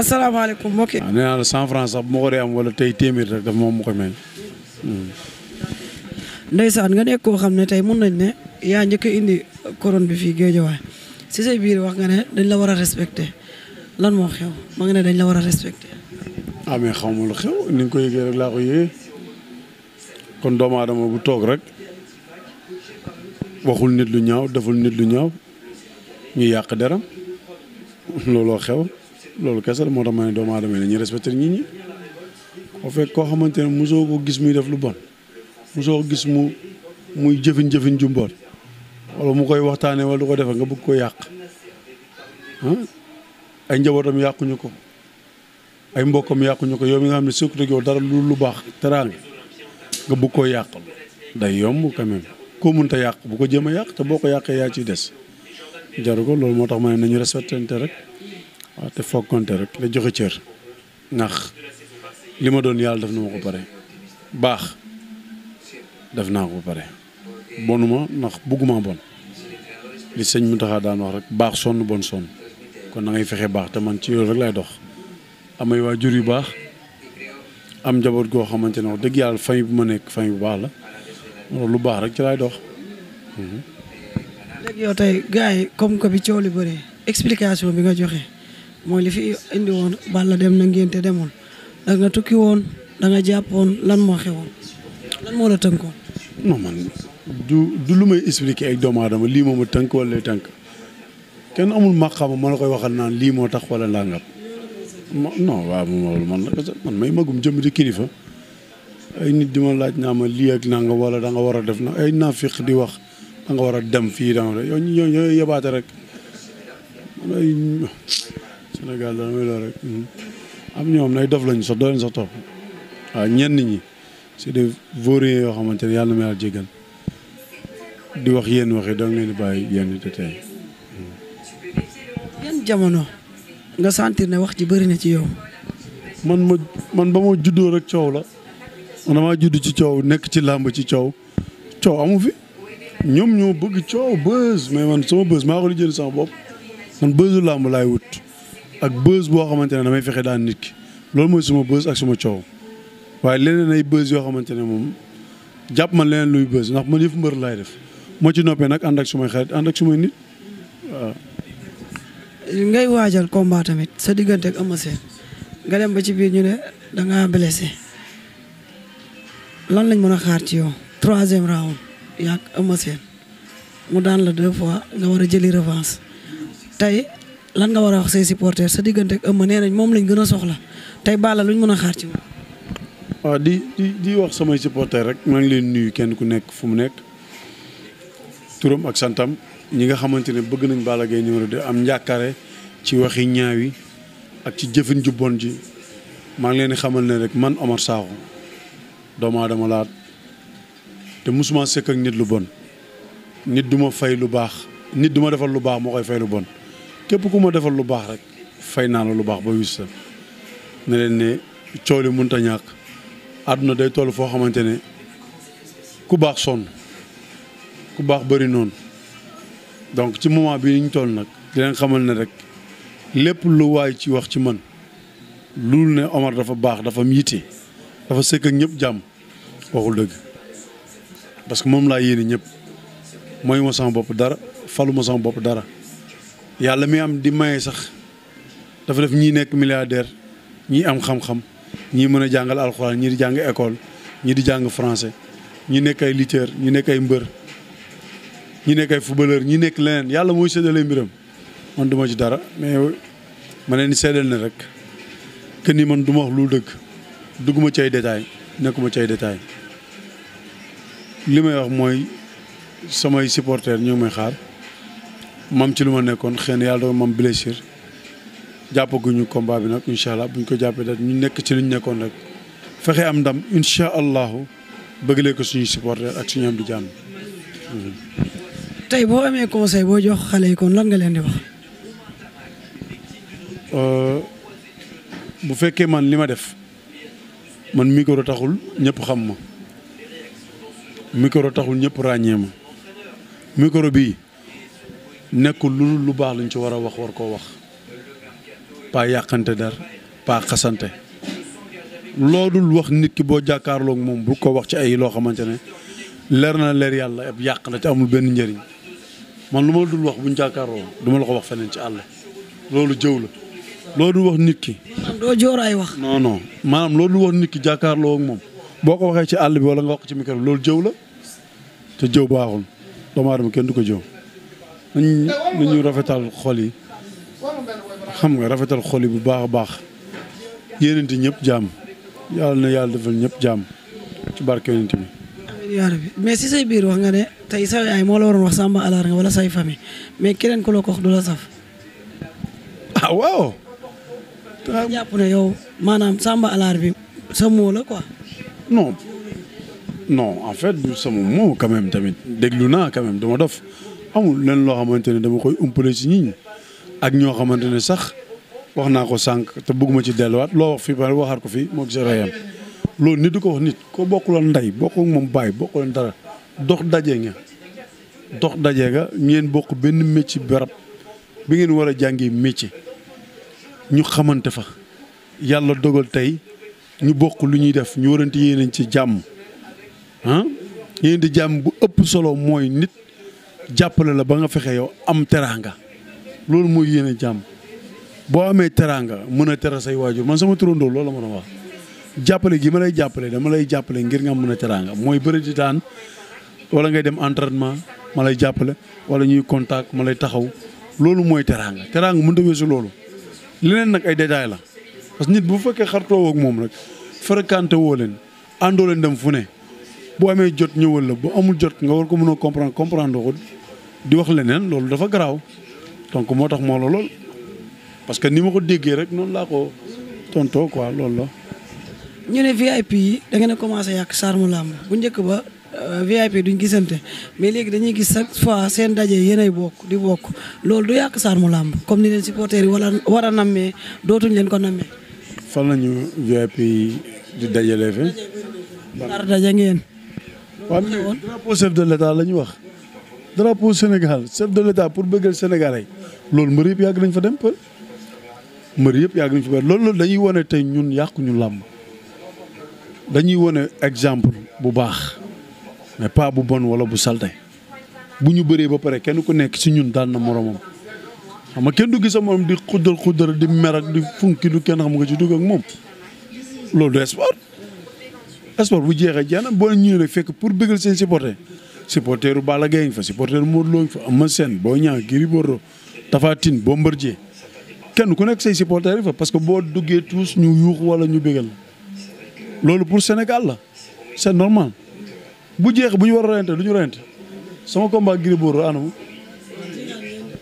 asalaamaaleykum mbokk yi. waaw ah, nee naa la cent sax bu ma ko dee am wala tey téeméer rek daf moom mu koy mel. Hmm. ndeysaan nga nekk koo xam ne tey mun nañ ne yaa njëkk indi couronne bi fii Géejawaay si say biir wax nga ne dañ la war a respecté lan moo xew ma nga ne dañ la war a respecté. ah mais xaw ma lu xew ni ko yëgee rek laa ko kon doomu aadama bu toog rek waxul nit lu ñaaw deful nit lu ñaaw ñu yàq deram looloo xew. loolu kese la moo tax ma ne doomu adama yi dañuy respecté nit ñi bu fekk koo xamante ne mosoo ko gis muy def lu bon mosoo ko gis mu muy jëfin jëfin jumboon wala mu koy waxtaanee wala ko defee nga bëgg ko yàq ay njabootam yàquñu ko ay mbokkam yàquñu ko yow mi nga xam ne surtout yow dara lu lu baax teraanga nga bëgg koo yàqal day yomb quand même koo mënta yàq bu ko jéem a yàq te boo ko yàqee yaa ciy des jaru loolu moo tax ma ne nañu respecté rek. waaw te foogkonte rek la joxe cër ndax li ma doon yàlla def na ma ko pare baax def naa ko ba pare bonuma ndax bugguma bon li sëñ mu taxaa daan wax rek baax sonn bon sonn kon na fexe baax te man ci loolu rek lay dox amay waajur yu baax am njaboot goo xamante ne wax dëgg yàlla famille bu ma nekk famille bu baax la lu baax rek ci lay dox mhm. léegi yow tey gars yi comme que bi coow li bëri bi nga joxe mooy li fi indi woon Balla dem na ngénte demoon da nga tukki woon da nga jàppoon lan moo xewoon lan moo la tënkoon. non man du du lu may expliquer ak doomu aadama lii moom a tënk wala lay kenn amul maqaama ma koy waxal naan lii moo tax wala nangam non waaw man may magum jëm di kilifa ay nit di ma laaj naa ma lii ak nanga wala da nga war a def na ay naafiq di wax da war a dem fii da nga yow yebaate rek Sénégal dana muy loolu rek mhm. am ñoom nay dof lañu sax doo leen sax waa waaw ñenn ñi c'est des vauriens yoo xamante ne yàlla na ma yàlla jéggal di wax yéen waxi da nga leen di bàyyi yéen te mhm. jamono nga sentir ne wax ji bëri ci man ma ba ma juddoo rek coow la man damaa judd ci coow nekk ci làmb ci coow coow amu fi ñoom ñoo bëgg coow buzz mais man sama buzz maa ko lijjanti sama bopp man buzzu làmb laay wut. ak buzz boo xamante ne damay fexe daan nit ki loolu mooy suma buzz ak suma coow waaye leneen ay buzz yoo xamante ne moom jàpp man leneen luy buzz ndax man yëfu mbër laay def moo ci noppee nag ànd ak sumay xarit ànd ak sumay nit waaw. ngay waajal combat tamit sa diggante ak nga dem ba ci biir ñu ne da ngaa blessé lan lañ mën a xaar ci yow troisième round yaa Eumeu Sène mu daan la deux fois nga war a jëli revanche tey lan nga war a wax say supporters sa diggante ak ëmb nee nañ moom lañ gën a soxla tey Balla luñ mën a xaar ci moom. Ah, di di wax samay supporters rek maa ngi leen nuyu kenn ku nekk fu mu nekk turam santam ñi nga xamante ne bëgg nañ Balla Gaye numéro 2 am njàkkare ci waxi ñaaw yi ak ci jëfin ju bon ji maa ngi leen xamal ne rek man Omar Sakho doomu aadama laat te musuma sekk ak nit lu bon nit duma fay lu baax nit duma defal lu baax moo koy fay lu bon. képp ku ma defal lu baax rek fay naa la lu baax ba wis sa ne ne coow li mënut a ñàkk àdduna day toll foo xamante ne ku baax sonn ku baax bari noonu donc ci moment bii ñu toll nag di leen xamal ne rek lépp lu waay ci wax ci man lu ne Omar dafa baax dafa yitte dafa sëkk ak ñëpp jàmm waxul dëgg parce que moom laa yéene ñëpp mooy ma sama bopp dara falu ma bopp dara yàlla mi am di maye sax dafa def ñii nekk milliardaire ñii am xam-xam ñii mën a jàngal alxuraan ñii di jàng école ñii di jàng français ñi nekk ay lutteurs ñi nekk ay mbër ñi nekk ay footballeur ñi nekk leneen yàlla mooy séddale mbiram man du ci dara mais ma leen di seedal na rek que ni man du ma wax lu dëgg dugguma ci ay nekkuma ci ay détail li may wax mooy samay supporters ñu ngi may xaar. mam ci lu ma nekkoon xëy na yàlla doon mam blessure jàppaguñu combat bi nag incha allah buñ ko jàppee daal ñu nekk ci luñ nekkoon rek fexe am ndam incha allahu bëggalee ko suñu supporter ak suñu am di jàmm. tey boo amee conseil boo jox xale yi kon lan nga leen di wax. Euh, bu fekkee man li ma def man micro taxul ñëpp xam ma ñëpp ràññee ma micro bii. nekkul lu lu baax luñ ci war a wax war koo wax pas yàqante dar pas xasante loolul wax nit ki boo jàkkaarloog moom bu ko wax ci ay loo xamante ne leer na leer yàlla ab yàq la te amul benn njëriñ man lu ma wax buñ jàkkaarloo du la ko wax feneen ci àll loolu jëw la loolu dul wax nit ki. doo joor ay wax. non maanaam loolu dul wax ki jàkkaarloo moom boo ko waxee ci àll bi walla nga wax ci micro loolu jëw la te jëw baaxul doomu aadama kenn du ko jëw. nañ nañu rafetal xol yi xam nga rafetal xol yi bu baax a baax yéenante ñëpp jàmm yàlla na yàlla defal ñëpp jàmm ci barke yonent bi. yaa mais si say biir wax nga ne tey sa ay moo la waroon wax sàmba alaar nga wala say fami mais keneen ku la wax du la saf. ah waaw. nga jàpp ne yow maanaam Samba alaar bi sa moo la en fait du tamit déglu naa quand même dof. amul leen loo xamante ne dama koy umpale ci nit ak ñoo xamante ne sax wax naa ko sànq te bëgguma ci delluwaat loo wax fii ba waxaat ko fii moog géré yam loolu nit du ko wax nit ko bokkuloon ndey bokkul moom bàyyi bokkuloon dara dox daje nga dox daje nga ngeen bokk benn métier barab bi ngeen war a jàngi métier ñu xamante fa yàlla dogal tey ñu bokk lu ñuy def ñu warante yéenañ ci jàmm ah yéen di jàmm bu ëpp solo mooy nit jàppale la ba nga fexee yow am teraanga loolu mooy yéene jàmm boo amee teraanga mën a tera say waajur man sama turandoo loolu la mën a wax jàppale gi ma lay jàppale dama lay jàppale ngir nga mën a teraanga mooy bëri di wala ngay dem entraînement ma lay jàppale wala ñuy contact ma lay taxaw loolu mooy teraanga teraanga mënut a weesu loolu leneen nag ay détails la parce que nit bu fekkee xartoo ak moom rek fréquenté woo leen àndoo leen dem fu ne bu amee jot ñëwal la bu amul jot nga war ko mën a comprendre comprendre di wax leneen loolu dafa garaaw donc moo tax moo la lool parce que ni ma ko déggee rek noonu laa ko tontoo quoi loolu la. ñu ne VIP yi da ngeen a commencé yàq sarmu làmb bu njëkk ba euh, VIP duñ gisante mais léegi dañuy gis chaque fois seen daje yéenay bokk di bokk loolu du yàq sarmu làmb comme ni leen supporters yi wala war a nammee dootuñ leen ko nammee. fan lañu VIP yi di dajale fe. dara daje ngeen. waaw drapeau chef de la ñu wax. drapeau Sénégal chef de l'État pour bëggal Sénégalais loolu mbër yëpp yàgg nañ fa dem pël mbër yëpp yàgg nañ fa dem loolu loolu dañuy wane tey ñun yàqu ñu làmb dañuy wone exemple bu baax mais pas bu bon wala bu salte bu ñu bëree ba pare kenn ku nekk si ñun daan na moromam xam nga kenn du gis sa morom di xuddal xuddal di mer ak di funki du kenn xam nga ci dugg ak moom loolu du sport sport bu jeexee jeex na boo ñëwee fekk pour bëggal seen supporter supporteru Balla Gaye fa supporteru Modou Lo fa Eumeu Sène Boy Niang Gris Bordeaux Tapha Tine Bombardier kenn ku nekk say supporter fa parce que boo duggee tous ñu yuux wala ñu bégal loolu pour Sénégal la c'est normal bu bu ñu war a reyante du ñu reyante sama combat Gris Bordeaux anam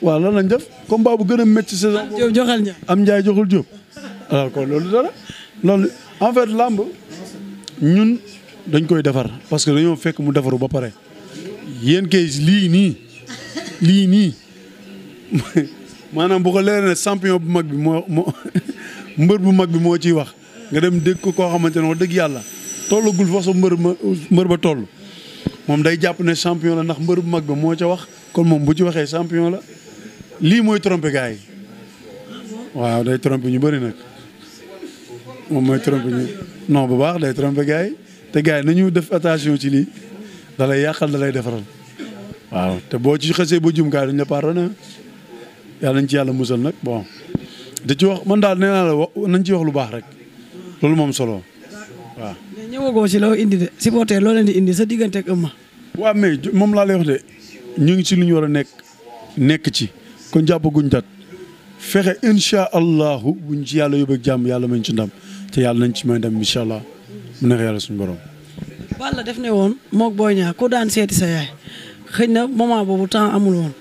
waaw lan lañ def combat bu gën a métti saison. am njaay joxul Diop. alors kon loolu dara loolu en fait làmb ñun dañ koy defar parce que dañoo fekk mu defaru ba pare. yéen kay lii nii lii nii maanaam bu ko leeree ne champion bu mag bi moo moo mbër bu mag bi moo ciy wax nga dem dégg ko koo xamante ne wax dëgg yàlla tollagul fa sa mbër ma mbër ba toll moom day jàpp ne champion la ndax mbër bu mag ba moo ca wax kon moom bu ci waxee champion la lii mooy trompé gars yi waaw day trompé ñu bari nag moom mooy trompé no bu baax day trompé gars yi te gars nañu def attention ci lii dalay yàqal da lay defaral waaw te boo ci xasee ba jum gaay dañ la pardonné yàlla nañ ci yàlla musal nag bon da ci wax man daal nee la nañ ci wax lu baax rek loolu moom solo waaw. mais ñëwagoo si loo indi de supporter loo leen di indi sa diggante ak ëmma. waaw mais moom laa lay de ñu ngi si lu ñu war a nekk nekk ci kon jàppaguñ dat fexe incha allahu buñ ci yàlla yóbbu ak jàmm yàlla mañ ci ndam te yàlla nañ ci may ndam incha allah mu neex yàlla suñu borom. Balla def ne woon moo Boy Niang ku daan seeti sa yaay na moment boobu temps amul woon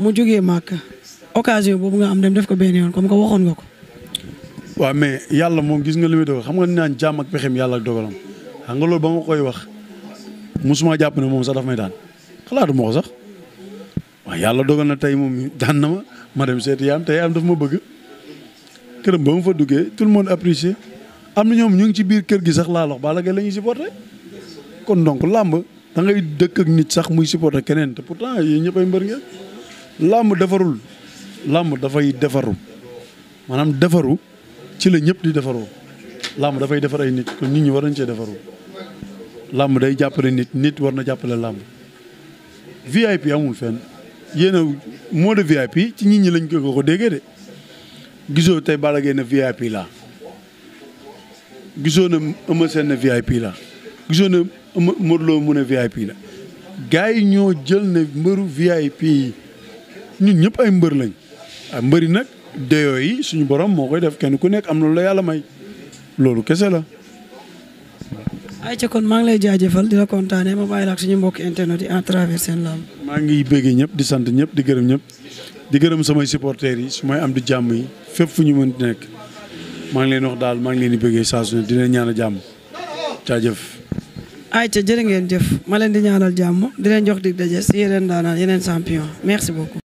mu jógee màkk occasion boobu nga am dem def ko benn yoon comme que waxoon nga ko. waa mais yàlla moom gis nga li muy xam nga ni naan jaam ak pexem yàlla ak dogalam xam nga koy wax mosuma jàpp ne moom sax daf may daan xalaatu ma ko sax waa yàlla dogal na tey moom daan na ma ma dem seeti yaam tey yaam daf ma bëgg këram ba mu fa duggee tout le monde am na ñoom ñu ngi ci biir kër gi sax laa lox Balla Gaye la ñuy supporté kon donc làmb da ngay dëkk nit sax muy supporter keneen te pourtant yéen ñëpp ay mbër ngeen làmb defarul làmb dafay defaru maanaam defaru ci la ñëpp di defaroo làmb dafay defar ay nit kon nit ñi war nañ cee defaru làmb day jàppale nit nit war na jàppale làmb VIP amul fenn yéen a moo de VIP ci nit ñi lañ ko ko déggee de gisoo tey Balla Gaye ne VIP laa gisoo na Eumeu Sène ne VIP laa gisoo na Modou Lo mu ne VIP la gars yi ñoo jël ne mbëru VIP yi ñun ñëpp ay mbër lañ ah mbëri nag deyoo yi suñu borom moo koy def kenn ku nekk am na lu la yàlla may loolu kese la. ay ca kon maa ngi lay jaajëfal di la kontaanee ma bàyyi la ak suñu mbokk internet yi seen lamb. maa ngi bëggee ñëpp di sant ñëpp di gërëm ñëpp di gërëm samay supporters yi su may am di jàmm yi fépp fu ñu mën di nekk maa ngi leen wax daal maa ngi leen di bëggee saa su dina ñaan a jàmm jaajëf. ayca jërë ngeen jëf ma leen di ñaanal jàmm di leen jox dig daje si yeneen daanaan yeneen champion merci beaucoup.